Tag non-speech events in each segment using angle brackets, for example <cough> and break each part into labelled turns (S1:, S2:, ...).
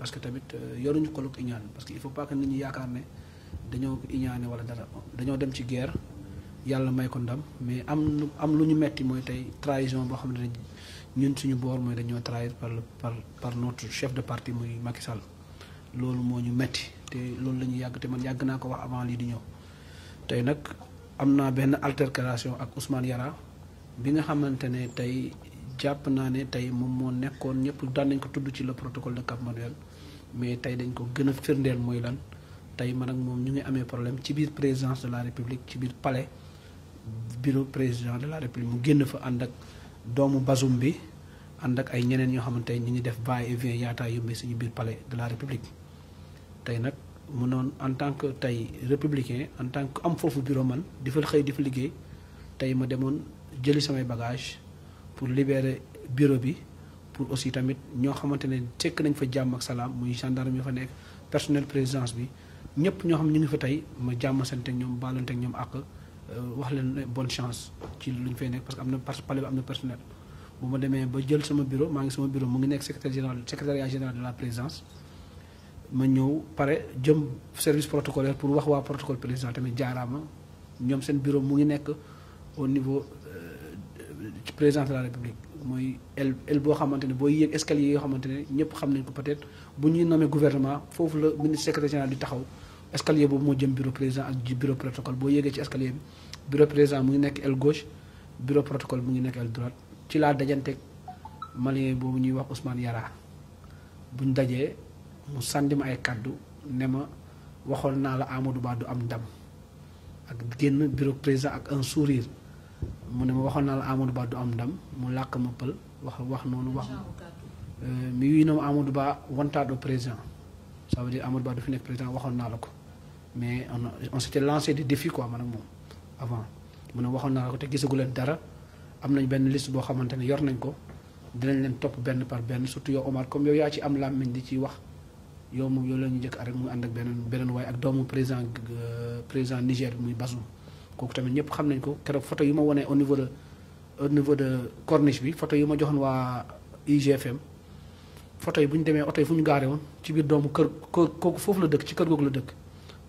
S1: parce que tamit euh, yoruñu xoluk iñaan parce que il faut pas que nit ñi yaakaar ne dañoo iñaane wala dara dañoo dem ci guerre yàlla may ko ndam mais am am lu ñu metti mooy tey trahison boo xam ne ñun suñu boor mooy dañoo trahir par par par notre chef de parti muy Macky Sall loolu moo ñu metti te loolu la ñuy yàgg te man yàgg naa ko wax avant lii di ñëw tey nag am naa benn altercation ak Ousmane Yara bi nga xamante ne tey jàpp naa ne tey moom moo nekkoon ñëpp daan nañ ko tudd ci le protocole de mais tay dañ ko gëna firndel moy lan tay man ak mom ñu ngi amé problème ci biir présidence de la république ci biir palais bureau président de la république mu génn fa and ak doomu bazoum bi and ak ay ñeneen ñoo xamante ñi ngi def bay et vient yaataa yómbee ci biir palais de la république tay nak mu non en tant que tay républicain en tant que am fofu bureau man di xey xëy tay liggéey ma démon jëli samay bagage pour libérer bureau bi pour aussi tamit ño xamantene tek nañ fa jamm ak salam muy gendarme fa nek personnel présence bi ñep ño xam ñu ngi fa tay ma jamm santé ñom balanté ñom ak euh, wax leen bonne chance ci luñ fay nek parce que amna na palais amna personnel buma démé ba jël sama bureau ma ngi sama bureau mu ngi nek secrétaire général secrétaire général de la présence ma ñew pare jëm service protocolaire pour wax wa protocole président tamit jaarama ñom sen bureau mu ngi nek au niveau euh, président de la république moy el elle boo xamante ne booy escalier yo xamante ne ñëpp xam nañ ko peut-être bu ñuy nommé gouvernement fofu le ministre secrétaire général di taxaw escalier bo mo jëm bureau président ak bureau protocole bo yéegee ci escalier bi bureau président mu ngi nekk el gauche bureau protocole mu ngi nekk el droite ci la dajanté malien boobu ñuy wax Ousmane Yara buñ dajé mu sandim ay cadeau néma waxol na la Amadou Ba du am ndam ak génn bureau président ak un sourire. mu ne ma waxoon naa la Amadou Ba du am ndam mu làkk ma pël wax wax noonu wax euh, mi yu na ma Amadou Ba wantaat au président sa veut dire Amadou Ba du fi nekk président waxoon naa la ko mais on s' était lancé des défis quoi man ak moom avant mu ne waxoon naa la ko te gisagu leen dara am nañ benn list boo xamante ne yor nañ ko dinañ leen topp benn par benn surtout yow Omar comme yow yaa ci am làmmiñ di ci wax yow moom yow la ñu njëkk rek mu ànd ak beneen beneen waaye ak doomu président euh, président Niger bi muy Bazoum kooku tamit ñëpp xam nañ ko keroog foto yu ma wonee au niveau de au niveau de corniche bi photo yu ma joxoon waa IGFM photo yi bu ñu demee oto yi fu ñu gaaree woon ci biir doomu kër kooku foofu la dëkk ci kër googu la dëkk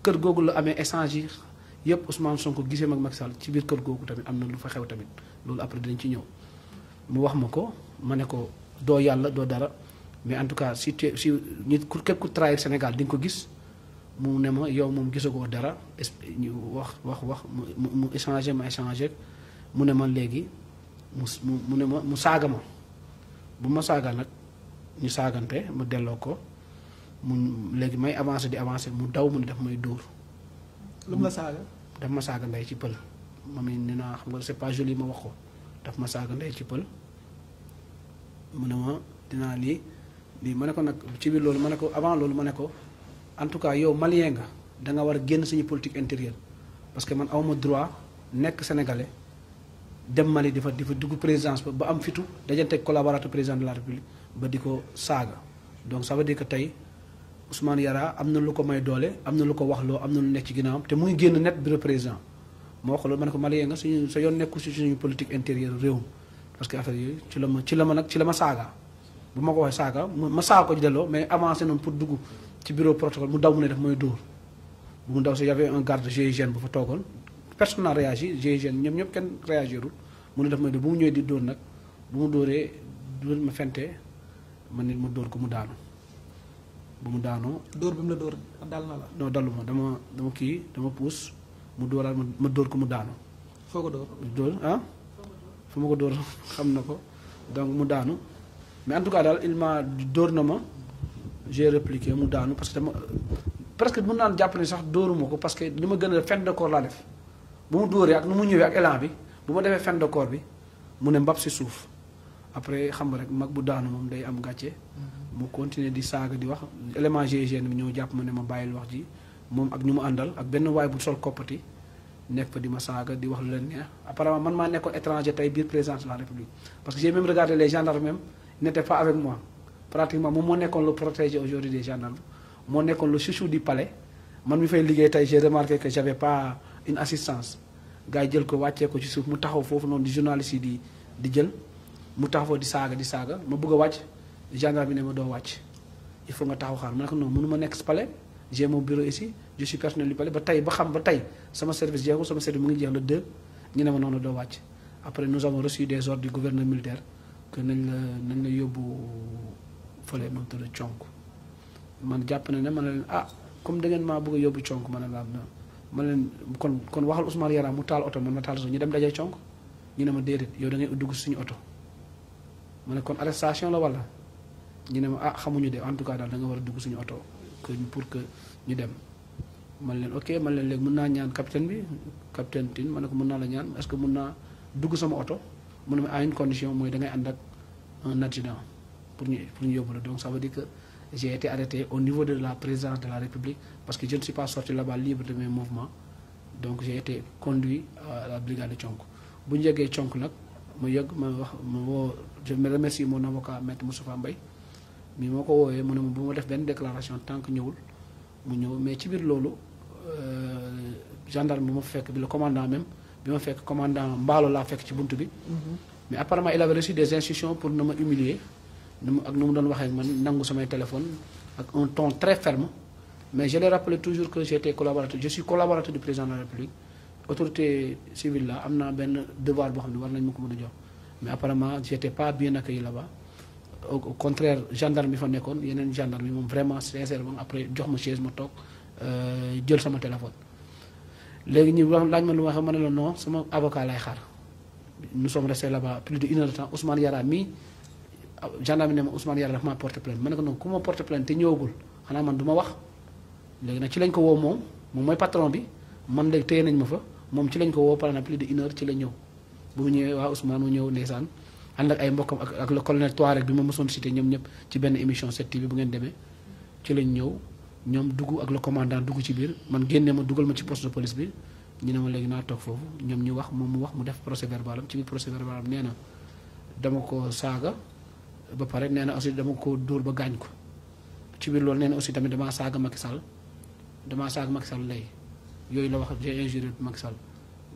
S1: kër googu la amee échange yi yëpp Ousmane ko gisee mag Macky Sall ci biir kër googu tamit am na lu fa xew tamit loolu après dinañ ci ñëw mu wax ma ko ma ne ko doo yàlla doo dara mais en tout cas si si nit ku képp ku trahir Sénégal di ko gis mu ne ma yow moom gisagoo dara ñu wax wax wax mu mu échanger ma échanger mu ne ma léegi mu mu ne ma mu saaga ma bu ma saaga nag ñu saagante ma delloo ko mu léegi may avancer di avancer mu daw mu ne daf may dóor. lu mu la saaga. ma saaga ndey ci pël ma ne nee naa xam nga c'est pas wax ko daf ma saaga ndey ci mu ne ma dinaa lii lii ma ne ko nag ci biir loolu ma ne ko avant loolu ma ne ko. en tout cas yow malien nga da nga war génn suñu politique intérieure parce que man awma droit nekk sénégalais dem mali difa difa dugg présidence ba am fitu dajante collaborateur président de la république ba diko saga donc ça veut dire que tay ousmane yara amna lu ko may doole amna lu ko wax lo amna lu nekk ci ginaam te muy génn net bureau président mo wax loolu ma ko malien nga suñu sa yon nekku si suñu politique intérieure réew parce que affaire yi ci lama ci lama nak ci lama saga bu mako wax saga ma ko mais avancer non pour dugg ci bureau protocole mu daw mu ne daf mooy dóor bu mu daw sa y un garde GIGN bu fa togon personne n'a réagi GIGN ñom ñop ken réagirul mu ne daf moy bu mu ñoy di dóor nak bu mu doré dóor ma fenté man nit mu dóor ko mu daanu bu mu daanu dóor bi mu la dóor dal na la no dalu ma dama dama ki dama pousse mu dóoraat ma dóor ko mu daanu foko ko dóor ah fu ko dóor <laughs> xamna ko donc mu daanu mais en tout cas dal il m'a dóor na ma j'ai répliqué mu daanu parce que presque mën jàpp sax parce que nous ma gën de corps laa def bu mu dóoree ak nu mu ñëwee ak élan bi bu ma fen de corps bi mu ne mbab si suuf après xam rek mag bu daanu moom day am gàcce. mu continuer di saaga di wax élément GIGN ma ne ma wax ji moom ak ñu mu àndal ak benn bu sol ma saaga di wax lu apparemment man maa nekkoon étranger tey biir présidence la république parce que j'ai même regardé les gendarmes même n'étaient pas avec moi pratiquement mon mo qu'on le protéger aujourd'hui des gendarmes mo qu'on le chouchou du palais man mi fay liggéey tay j'ai remarqué que j'avais pas une assistance gars yi jël ko wàccee ko ci souf mu taxaw fofu non di journaliste di di jël mu taxaw di saga di saga ma bëgg a gendarme ne ma do il faut nga taxaw xal mo non mënu ma nekk palais j'ai mon bureau ici je suis personnel du palais ba tay ba xam ba tay sama service jeexul sama service mu ngi jeex le 2 ñu ne ma watch do après nous avons reçu des ordres du gouverneur militaire que nañ la nañ la fële e e ma tudd conk man japp ne ne man len ah comme da ngeen ma bëgg yobbu yóbbu man la ma leen kon kon waxal Ousmane Yara mu taal auto man ma taal so ñu dem dajé conk ñu ne ma déedéet yow da ngay dugg suñu auto man kon arrestation la wala ñu ne ma ah xamuñu de en tout cas dal da nga wara dugg suñu auto que pour que ñu dem man len ok man len leg mën na ñaan capitaine bi capitaine tin man ko mën na la ñaan est-ce que mën na dugg sama auto mën na ma condition moy da ngay ànd ak un accident donc ça veut dire que j'ai été arrêté au niveau de la présidence de la République parce que je ne suis pas sorti là-bas libre de mes mouvements donc j'ai été conduit à la brigade de Tchonk je ñu je me remercie mon avocat M. Moustapha Mbaye mi moo ko woowee mu déclaration tant que nous mu mais ci biir le euh, gendarme ma le commandant même le commandant mbaalo l'a fait. ci mm-hmm. mais apparemment il avait reçu des instructions pour ne humilier nous avons dit que Nous avons waxee téléphone ak un ton très ferme mais je l'ai rappelé toujours que j'étais collaborateur je suis collaborateur du président de la République autorité civile là, un devoir de faire. war nañ mais apparemment je n'étais pas bien accueilli là-bas au contraire gendarme bi fa a des gendarme qui vraiment après jox ma chaise ma toog euh, jël sama téléphone Les gens wax laaj ma le non, c'est mon avocat lay xaar nous sommes restés là-bas plus d'une heure de temps Ousmane Yara mis... gendarme ne ma Ousmane Yàlla daf maa porte plainte man ko non kuma porte plainte te ñëwagul xanaa man duma wax léegi na ci lañ ko wo mom mom moy patron bi man leg tey nañ ma fa mom ci lañ ko wo pendant plus de 1 heure ci la ñew bu ñewé wa waa Ousmane mu ñëw ndeysaan ak ay mbokam ak le colonel Touareg bi ma mësoon cité ñom ñep ci ben émission 7 TV bu ngeen démé ci lañ ñew ñom duggu ak le commandant duggu ci bir man génné ma duggal ma ci poste de police bi ñu ma léegi naa toog foofu ñu wax mom mu wax mu def procès verbalam ci biir procès verbalam néna dama ko saga ba pare nee na aussi dama ko dóor ba gaañ ko ci biir loolu nee aussi tamit damaa saaga Macky sal damaa saaga Macky Sall lay yooyu la wax j'ai injuré Macky Sall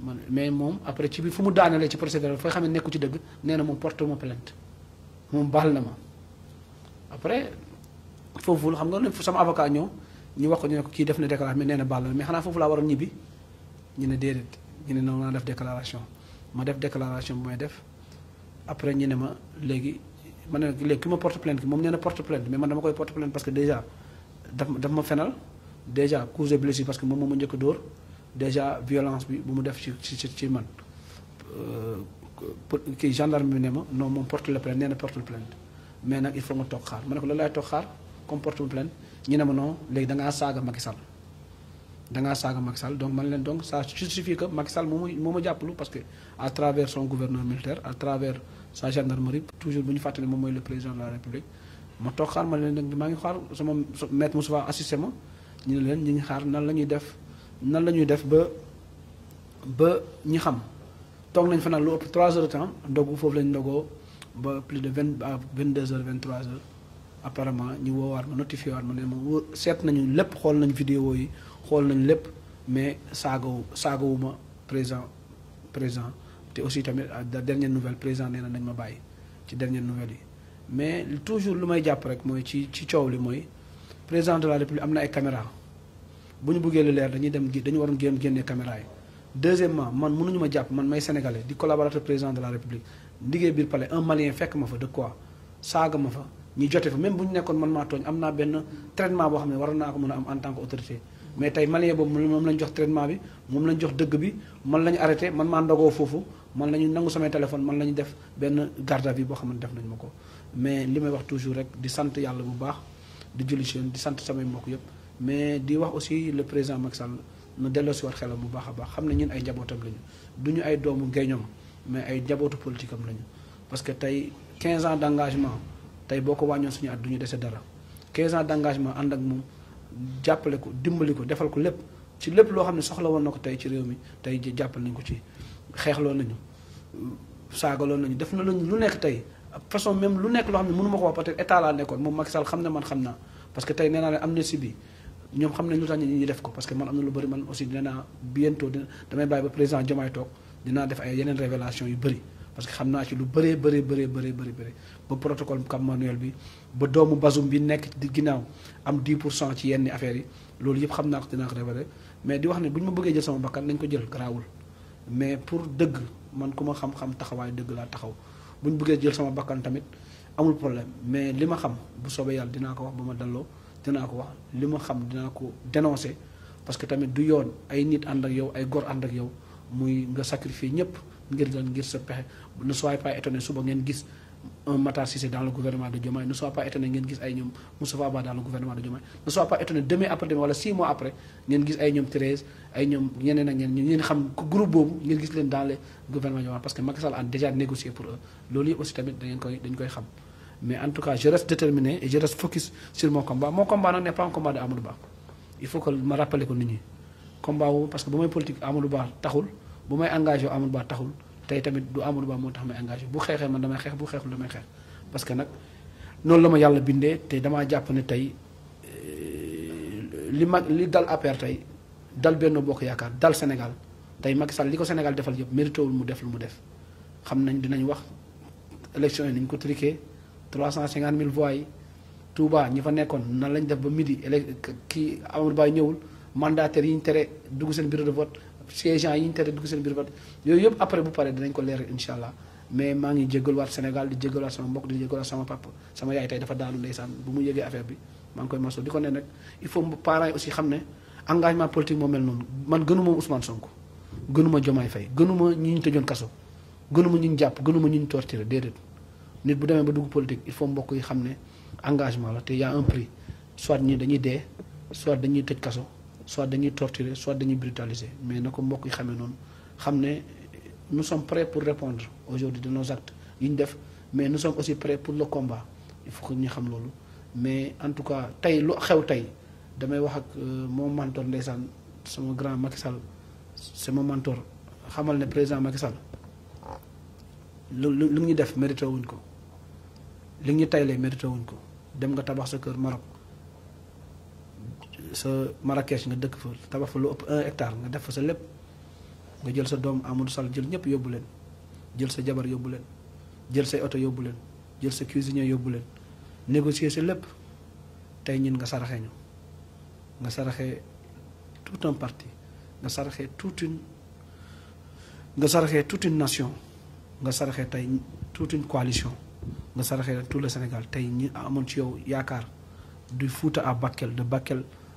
S1: man mais moom après ci biir fu mu daanelee ci procédure foo xam ne nekku ci dëgg nee na moom porte ma plainte na ma après foofu xam nga sama avocat ñëw ñu wax ko ñu ne ko kii def na déclaration mais nee na baal na mais xanaa foofu laa waroon ñibbi ñu ne déedéet ñu ne noonu naa def déclaration ma def déclaration bu may def après ñu ne ma léegi. ma ne léegi ki ma porte plainte ki moom nee na porte plainte mais man dama koy porte plainte parce que déjà daf daf ma fenal déjà cause de blessure parce que moom moo ma njëkk a dóor déjà violence bi bu mu def ci ci ci man euh, kii gendarme bi ne ma non moom porte la plainte nee na porte plainte mais nag il faut nga toog xaar ma ne ko loolu laay toog xaar comme porte plainte ñu ne ma non léegi da ngaa saaga Macky Sall danga saga saaga donc man len donc ça justifie que Macky momo japplu parce que à travers son gouverneur militaire à travers sa gendarmerie toujours buñu ñu fàttali moom le président de la république ma toog man len leen nag ngi xaar sama maître Moussa assisté ma ñu len ñi ngi xaar nan lañuy def nan lañuy def ba ba ñi xam tok nañ fa nag lu ëpp 3 heures de temps dogu fofu lañ ndogoo ba plus de 20 22 h 23 h apparemment ñu woowaat ma notifié waat ma ne ma seet nañu lepp xol nañ vidéo yi xool nañ lépp mais saagawu ma présent présent. te aussi tamit la dernière nouvelle présent nee na nañ ma bàyyi ci dernière nouvelle yi mais toujours lu may jàpp rek mooy ci ci coow li mooy président de la république am na ay caméra bu ñu buggee lu leer dañuy dem dañu waroon génn génne caméra yi deuxièmement man mënuñu ma jàpp man may sénégalais di collaborateur président de la république liggéey biir palais un malien fekk ma fa de quoi saaga ma fa ñu jote fa même bu ñu nekkoon man maa tooñ am naa benn traitement boo xam ne war naa ko mën a am en tant que autorité mais tey malien boobu moom lañ jox traitement bi moom lañ jox dëgg bi man lañu arrêté man maa ndogoo foofu man lañu nangu samay téléphone man lañu def benn garde à boo xam ne def nañ ma ko mais li may wax toujours rek di sant yàlla bu baax di julli ci di sant samay mbokk yëpp mais di wax aussi le président Macky Sall na delloo si waat xelam bu baax a baax xam ne ñun ay njabootam lañu du ñu ay doomu géeñoom mais ay njabootu politique am lañu parce que tey 15 ans engagement tey boo ko wàññoon suñu at du ñu dese dara 15 ànd ak moom jàppale ko dimbali ko defal ko lépp ci lépp loo xam ne soxla woon na ko tey ci réew mi tey ji jàppal nañ ko ci xeexloo nañu saagaloon nañu def na lañu lu nekk tey façon même lu nekk loo xam ne ko wax nekkoon moom Macky Sall xam ne man xam naa parce que tey nee am leen amnistie bi ñoom xam nañ lu tax ñu def ko parce que man am na lu bëri man aussi nee naa bientôt dina damay bàyyi ba président Diomaye toog dinaa def ay yeneen révélation yu bëri parce que xam naa ci lu bëree bëree bëree bëree bëri bëri ba protocole Cap Manuel bi ba doomu Bazoum bi nekk di ginnaaw am 10 pour cent ci yenn affaires yi loolu yëpp xam naa ko dinaa ko révélé mais ne bu ñu ma bëggee jël sama bakkan nañ ko jël garaawul mais pour dëgg man ku ma xam-xam taxawaay dëgg laa taxaw bu ñu buggee jël sama bakkan tamit amul problème mais li ma xam bu soobee yàlla dinaa ko wax ba ma daloo dinaa ko wax li ma xam dinaa ko dénoncé parce que tamit du yoon ay nit ànd ak yow ay gor ànd ak yow muy nga sacrifier ñëpp ngir lan ngir sa pexe ne soyez pas étonné suba ngeen gis un Matar Cissé dans le gouvernement de Diomaye ne soit pas étonné ngeen gis ay ñoom Moustapha Ba dans le gouvernement de Diomaye ne soit pas étonné demain après demain wala 6 mois après ngeen gis ay ñoom Thérèse ay ñoom ñeneen ak ñeneen ñu xam groupe boobu ngeen gis leen dans le gouvernement Diomaye parce que Macky Sall a déjà négocié pour eux loolu yëpp aussi tamit dañ koy dañ koy xam mais en tout cas je déterminé et focus sur mon combat tey tamit du Amadou Ba moo tax may engagé bu xeexee man damay xeex bu xeexul damay xeex parce que nag noonu la ma yàlla bindee te damaa jàpp ne tey euh, li mag li dal APR tey dal benn Bokk Yaakaar dal Sénégal tey Macky Sall li ko Sénégal defal yëpp mérité wul mu def lu mu def xam nañ dinañ wax élection yi ni ñu ko cent 350 mille voix yi Touba ñi fa nekkoon nan lañ def ba midi élec kii Amadou Ba ñëwul mandataires yi ñu tere dugg seen bureau de vote siégeant yi ñu tere dugg seen biir vote yooyu yëpp après bu pare dinañ ko leer incha allah mais maa ngi jégaluwaat Sénégal di jégaluwaat sama mbokk di jégaluwaat sama papa sama yaay tey dafa daanu ndeysaan bu mu yëgee affaire bi maa ngi koy maso di ko ne nag il faut parents yi aussi xam ne engagement politique moo mel noonu man gënuma Ousmane Sonko gënuma Diomaye Faye gënuma ñi ñu tëjoon kaso gënuma ñu ñu jàpp gënuma ñu ñu torturé déedéet nit bu demee ba dugg politique il faut mbokk yi xam ne engagement la te y a un prix dañuy dee soit dañuy tëj kaso soit dañuy torturer soit dañuy brutaliser mais nako ko mbokk yi xamee noonu xam nous sommes prêts pour répondre aujourd'hui de nos actes yiñ def mais nous sommes aussi prêts pour le combat il faut que ñu xam lolu mais en tout cas tay lu xew tay damay wax ak euh, mon mentor ndeysaan sama grand Macky Sall c'est mon mentor xamal né président Macky Sall lu ñu def mérité wuñ ko li ñu taylee mérité wuñ ko dem nga tabax sa cœur Maroc sa Marrakech nga dëkk fa tabax fa lu ëpp un hectare nga def fa sa lépp nga jël sa doom Amadou sal jël ñëpp yóbbu leen jël sa jabar yóbbu leen jël say oto yóbbu leen jël sa cuisinier yóbbu leen négocier sa lépp tey ñiin nga saraxee ñu nga saraxee tout un parti nga saraxee toute une nga saraxee toute nation nga saraxee tey tout une coalition nga saraxee tout le Sénégal tey ñi amoon ci yow yaakaar du Fouta à Bakel de Bakel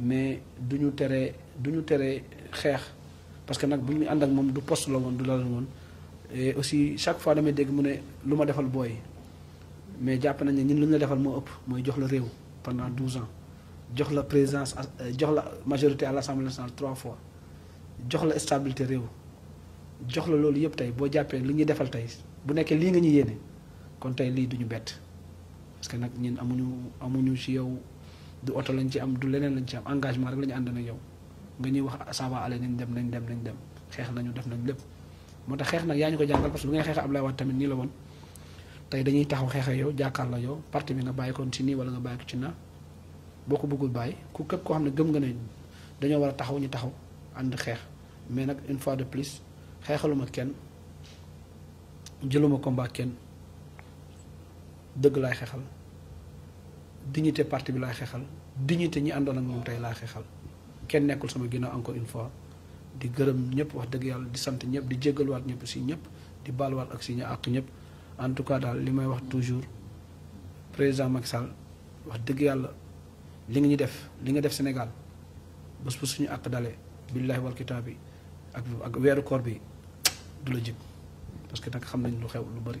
S1: mais duñu téré duñu téré xex parce que nak buñu ñu ànd ak moom du poste la woon du la woon et aussi chaque fois dama dégg mu né luma défal boy mais japp nañ ne ñun lu la défal mo upp moy jox la réew pendant 12 ans jox la présence euh, jox la majorité à l'Assemblée nationale trois fois jox la stabilité réew jox la loolu yëpp tey boo jàppee li ñuy defal tey bu nekkee lii nga ñu yéene kon tey lii duñu bett parce que nag ñun amuñu amuñu ci yow. du auto lañ ci am du leneen lañ ci am engagement rek lañ ànd na yow nga ñuy wax saba ah, ale nañ dem nañ dem nañ dem xeex nañu def nañ lépp moo tax xeex nag yaa ñu ko jàngal parce que lu ngay xeex Ablaye Wade tamit nii la woon tey dañuy taxaw xeex yow jàkkaar la yow parti bi nga bàyyi ko ci nii wala nga bàyyi ko ci naa boo ko bëggul bàyyi ku képp koo xam ne gëm nga ne dañoo war a taxaw ñu taxaw ànd xeex mais nag une fois de plus xeexaluma kenn jëluma combat kenn dëgg laay xeexal dignité parti bi la xexal dignité ñi andon ak moom tay la xexal kenn nekkul sama ginnaaw encore une fois di gërëm ñëpp wax dëgg yàlla di sant ñëpp di jéggal waat ñëpp si ñëpp di waat ak si ña àq ñëpp en tout cas daal li may wax toujours président Macky Sall wax dëgg yàlla li nga ñu def li nga def Sénégal bés bu suñu àq dalee billahi wal kitab bi ak ak weeru koor bi du la jib parce que nag xam nañ lu xew lu bëri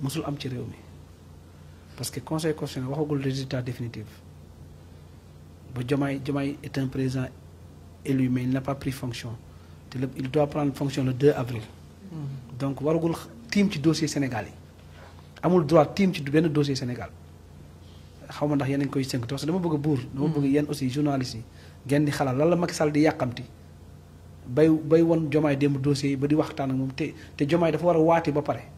S1: musul am ci réew parce que conseil constitutionnel waxagul résultat définitif ba jomay jomay est un président élu mais il n'a pas pris fonction il doit prendre fonction le 2 avril mm-hmm. donc waragul tim ci dossier sénégalais amul droit tim ci ben dossier Sénégal xawma d'ailleurs ndax yéen koy sënk parce que dama bëgg a buur dama bëgg mm-hmm. yéen aussi journalistes yi ngeen di xalaat lan la Macky Sall di yàqamti bay bay won jomay démb dossier ba di waxtaan ak moom te te jomay dafa war a waati ba pare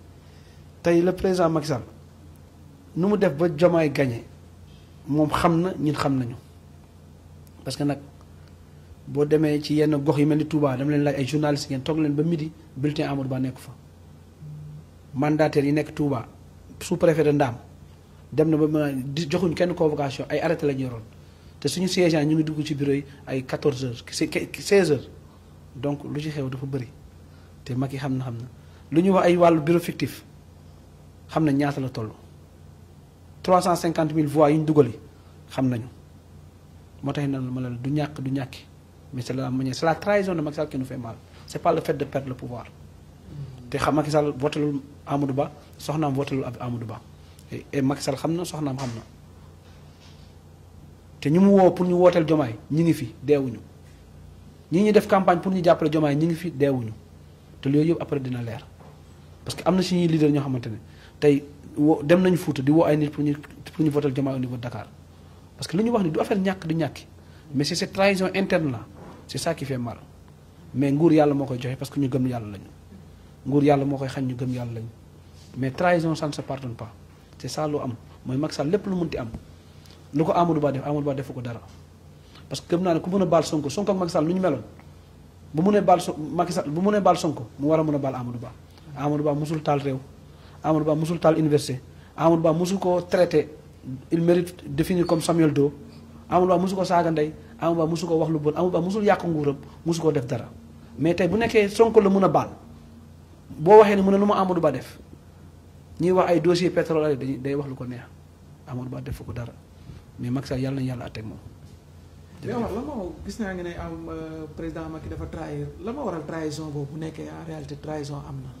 S1: tey le président Macky Sall nu mu def ba Diomaye gagné moom xam na ñun xam nañu parce que nag boo demee ci yenn gox yu mel ni Touba dama leen laaj ay journalistes ngeen toog leen ba midi bulletin Amadou Ba nekku fa mandataires yi nekk Touba sous-préfet ndaam dem na ba ma joxuñ kenn convocation ay arrêté la ñu te suñu siégeant ñu ngi dugg ci bureau yi ay 14 heures 16 heures donc lu ci xew dafa bëri te mag yi xam na xam na lu ñu wax ay wàllu bureau xam nañ ñaata la toll 350 000 voix yi ñu dugali xam nañu moo tax nan ma la du ñàkk du ñàkki mais c'est la manière c'est la trahison de Macky Sall qui nous fait mal c'est pas le fait de perdre le pouvoir te xam Macky Sall votelul Amadou Ba soxnaam votelul Amadou Ba et Macky Sall xam na soxnaam xam na te ñu mu woo pour ñu wooteel jomaay ñi ngi fi deewuñu ñi ñuy def campagne pour ñu jàppale jomaay ñi ngi fi deewuñu te loolu yëpp après dina leer parce que am na si ñuy leader ñoo xamante ne tey dem nañ Fuuta di wo ay nit pour ñu pour ñu voter Diomaye au niveau de Dakar parce que lu wax ni du affaire ñak du ñak mais c'est cette trahison interne là c'est ça qui fait mal mais nguur yalla moo koy joxe parce que ñu gëm yalla lañu nguur yalla moo koy xañ ñu gëm yalla lañu mais trahison ça ne se pardonne pas c'est ça loo am moy Macky Sall lépp lu mënti am lu ko Amadou Ba def Amadou Ba def ko dara parce que gëm na ne ku mën a Sonko Sonko ak Macky Sall lu ñu meloon bu mënee baal Macky Sall bu mënee bal Sonko mu wara a bal Amadou Ba Amadou Ba musul tal rew Amadou baa musul taal université Amadou Ba musul koo traité il mérite définir comme Samuel Doe Amadou Ba musul ko saaga ndey Amadou Ba musul ko wax lu bon Amadou Ba musul yàq nguuram musul koo def dara mais tey bu nekkee sonk la mun a baal boo waxee ne mun ne lu ma Amadou baa def ñuy wax ay dossier pétrole dañuy day wax lu ko neex Amadou baa def ko dara mais Macky Sall yàlla na yàlla àtteeg moom. mais wax la moo gis naa nga ne am euh, président Macky dafa trahir la ma waral trahison boobu bu nekkee en réalité trahison am na.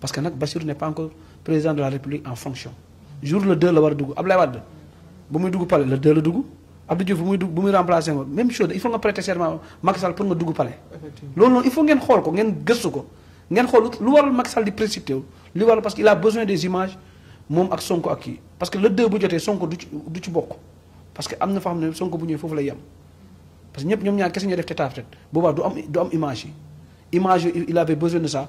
S1: parce que Nak Bassirou n'est pas encore président de la République en fonction jour le 2 le war a dugg Ablaye Wade bu muy dugg palais le 2 le dugg Abdou Diouf bu muy dugg bu même chose il faut nga prêter serment Macky Sall pour nga dugg palais. loolu il faut ngeen xool ko ngeen gëstu ko ngeen xool lu waral Macky Sall di précipité wu waral parce qu'il a besoin des images moom ak Sonko ak parce que le 2 bu jotee Sonko du du ci bokk parce que am na fa xam ne Sonko bu ñëwee foofu lay yem parce que ñëpp ñoom ñaar kese ñoo def tête à tête boobaa du am du am image image il avait besoin de ça.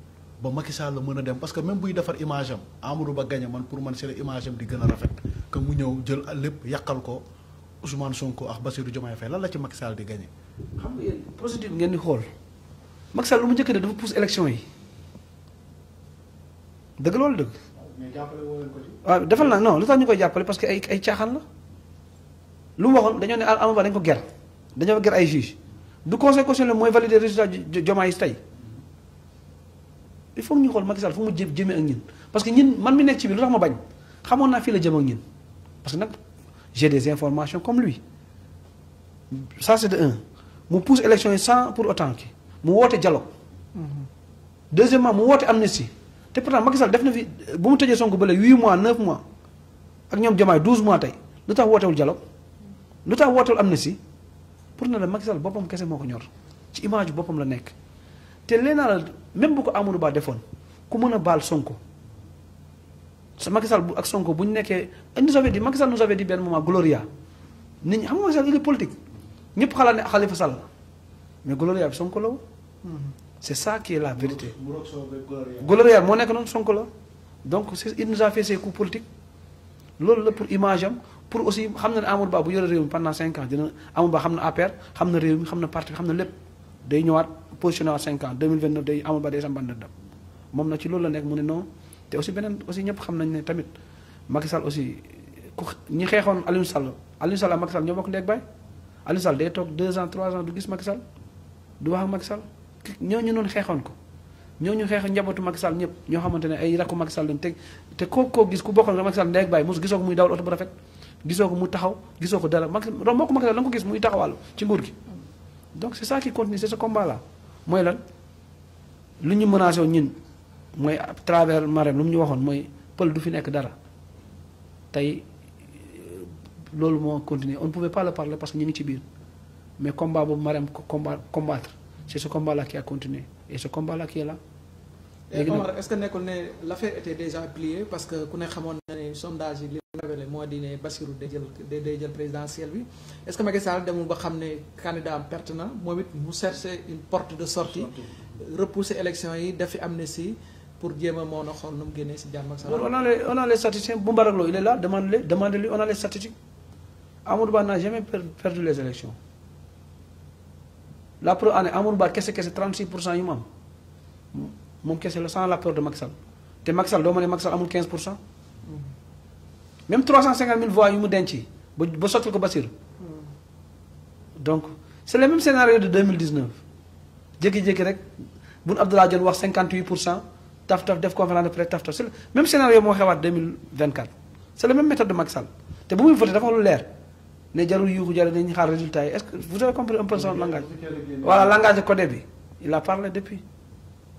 S2: ba Macky Sall la mën a dem parce que même buy defar image am Amadou Ba gagné man pour man c'est image am di gën a rafet que mu ñëw jël lépp yàqal ko Ousmane Sonko ak Bassirou Diomaye Faye lan la ci Macky Sall di gagné.
S1: xam nga yéen procédure ngeen di xool Macky Sall lu mu njëkk a dafa pousse élection yi dëgg loolu dëgg. waaw ah, defal naa non lu tax ñu koy jàppale parce que ay ay caaxaan la lu mu waxoon dañoo ne Amadou Ba dañ ko ger dañoo ger ay juge du conseil constitutionnel mooy valider résultat Diomaye tey. il faut ñu xool Macky Sall fu mu jë jëmee ak ñun parce que ñun man mi nekk ci biir lu tax ma bañ xamoon naa fii la jëm ak ñun parce que nag j'ai des informations comme lui ça c'est de un mu pousse élection yi sans pour autant que mu woote dialogue mm-hmm. deuxièmement mu woote amnistie te pourtant Macky Sall def na fi bu mu tëjee Sonko bële huit mois neuf mois ak ñoom Diomaye douze mois tey lu tax wootewul dialogue lu tax wootewul amnistie pour na la Macky boppam kese moo ko ñor ci image boppam la nekk te leen la même bu ko Amadou Ba defoon ku mën a baal Sonko Macky Sall bu ak Sonko bu ñu nekkee nous avait dit Macky Sall nous avait dit benn moment Gloria nit ñi xam nga Macky Sall il est politique ñëpp xalaat mais Gloria bi Sonko la woon mhm. ça qui est la vérité. Gloria moo nekk noonu Sonko la donc il nous a fait ses coups politiques loolu la pour image am pour aussi xam na ne Amadou bu yore réew mi pendant cinq ans dina Amadou Ba xam na APR xam na réew mi xam na parti xam na lépp. day ñëwaat positionné waat cinq ans deux mille vingt neuf day amul ba day sam bandandam moom na ci loolu la nekk mu ne non te aussi beneen aussi ñëpp xam nañ ne tamit Macky Sall aussi xeexoon Aliou Sall Aliou Sall ak Macky Sall ñoo bokk ndeeg baay Aliou sal day toog deux ans trois ans du gis Macky Sall du wax ak Macky Sall ñu noonu xeexoon ko ñoo ñooñu xeex njabootu Macky Sall ñëpp ñoo xamante ne ay rakku Macky Sall te kook koo gis ku bokkoon ak Macky Sall ndeeg baay mos gisoo ko muy dawal oto bu ko muy taxaw gisoo ko dara Macky moo ko ko gis muy taxawal ci nguur gi donc c'est ça qui continue c'est ce combat là moi là lu ñu travers Marem, lu ñu que Paul du fi on ne pouvait pas le parler parce que n'y mais combat combat combattre c'est ce combat là qui a continué et ce combat là qui est là. Eh, est-ce que l'affaire était déjà pliée parce que nous avons sondage li présidentiel est-ce que Macky Sall demu ba candidat pertinent, une porte de sortie repousser l'élection yi pour dire que nous na on a les il est lui on a les statistiques n'a jamais perdu les élections la pro année qu'est-ce que c'est 36 pour moom kese la sans l'apport de Macky Sall te Macky Sall doo Macky Sall amul 15 même 350 000 voix yu mu denc ba ba sottil ko Bassirou donc c'est le même scénario de 2019 jékki-jékki rek bu Abdoulaye 58 taf taf def conférence de presse taf taf même scénario moo xewaat 2024 C'est la même méthode de Macky Sall te bu muy de l'air. lu leer ne jarul yuuxu jarul nañu xaar résultat est ce que vous avez compris un peu son langage. voilà langage de codé il a parlé depuis.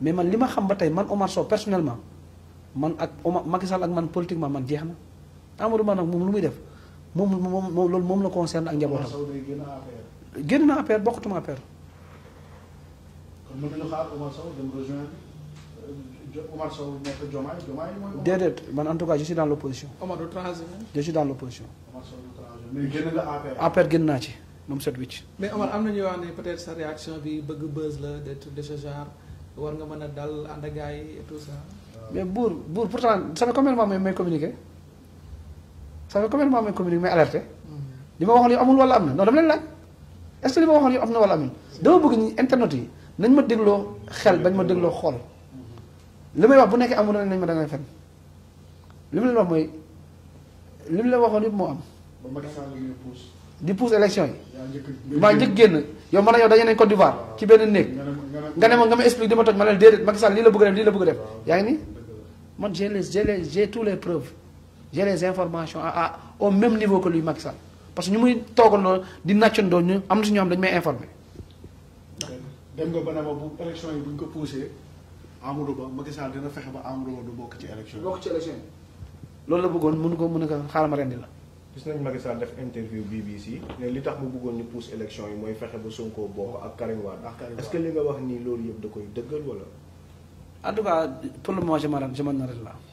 S1: mais man lima ma xam ba tay man Omar Sow personnellement man ak Omar Macky Sall ak man politiquement man jeexna Amadou man nag mom lu muy def mom mom lool mom la concerne ak njabotam génn na affaire bokkutuma affaire
S2: kon mën nañu xaar Omar Sow dem rejoindre euh, Omar Sow nekk Diomaye Diomaye
S1: mooy. déedéet man en tout cas je suis dans l' opposition. Omar du transhumé. je suis dans l' opposition. Omar Sow du transhumé mais génn nga APR. APR génn naa ci moom set wicc. mais Omar am na ñuy wax ne peut-être sa réaction bi bëgg buzz la d'être de ce genre. war nga mën a dal ànd ak gars yi mais buur buur pourtant ça fait combien de mois may communiquer ça fait combien de mois communiquer may alerter. Mm-hmm. li ma waxoon yow amul wala am na non dama leen laaj est li ma waxoon yow am na wala amul dama bëgg ñi internet yi nañ ma dégloo xel bañ ma dégloo xool mm-hmm. li may wax bu nekkee amul nañ ma dangay ngay fen li mu leen wax mooy li mu leen waxoon yëpp moo am. di pousse élection yi. maa njëkk génn yow man a yow dañu nañ Côte d'Ivoire ci benn néeg. nga ne ma nga ma explique di toj ma leen déedéet Macky lii la bëgg a def lii la bëgg a def yaa ngi nii man j'ai les j'ai les tous les preuves j'ai information ah à au même niveau que lui Macky Sall parce que ñu muy toogandoo di nàccandoo ñu am na si ñoo xam dañu may informer.
S2: dem nga ba ne ma bu élection yi bu ñu ko poussé Amadou Ba Macky Sall dina fexe ba Amadou Ba du bokk ci élection yi. ci élection yi
S1: loolu la bëggoon mënu ko mën a xaaral ma rendi la. gis nañ Macky def interview
S2: BBC ne li tax mu bëggoon ñu pousse élection yi mooy fexe ba Sonko bokk ak Karim Wade. est-ce que li nga
S1: wax nii loolu yëpp da koy dëggal wala. en tout cas pour le moment je m'arrête je m'arrête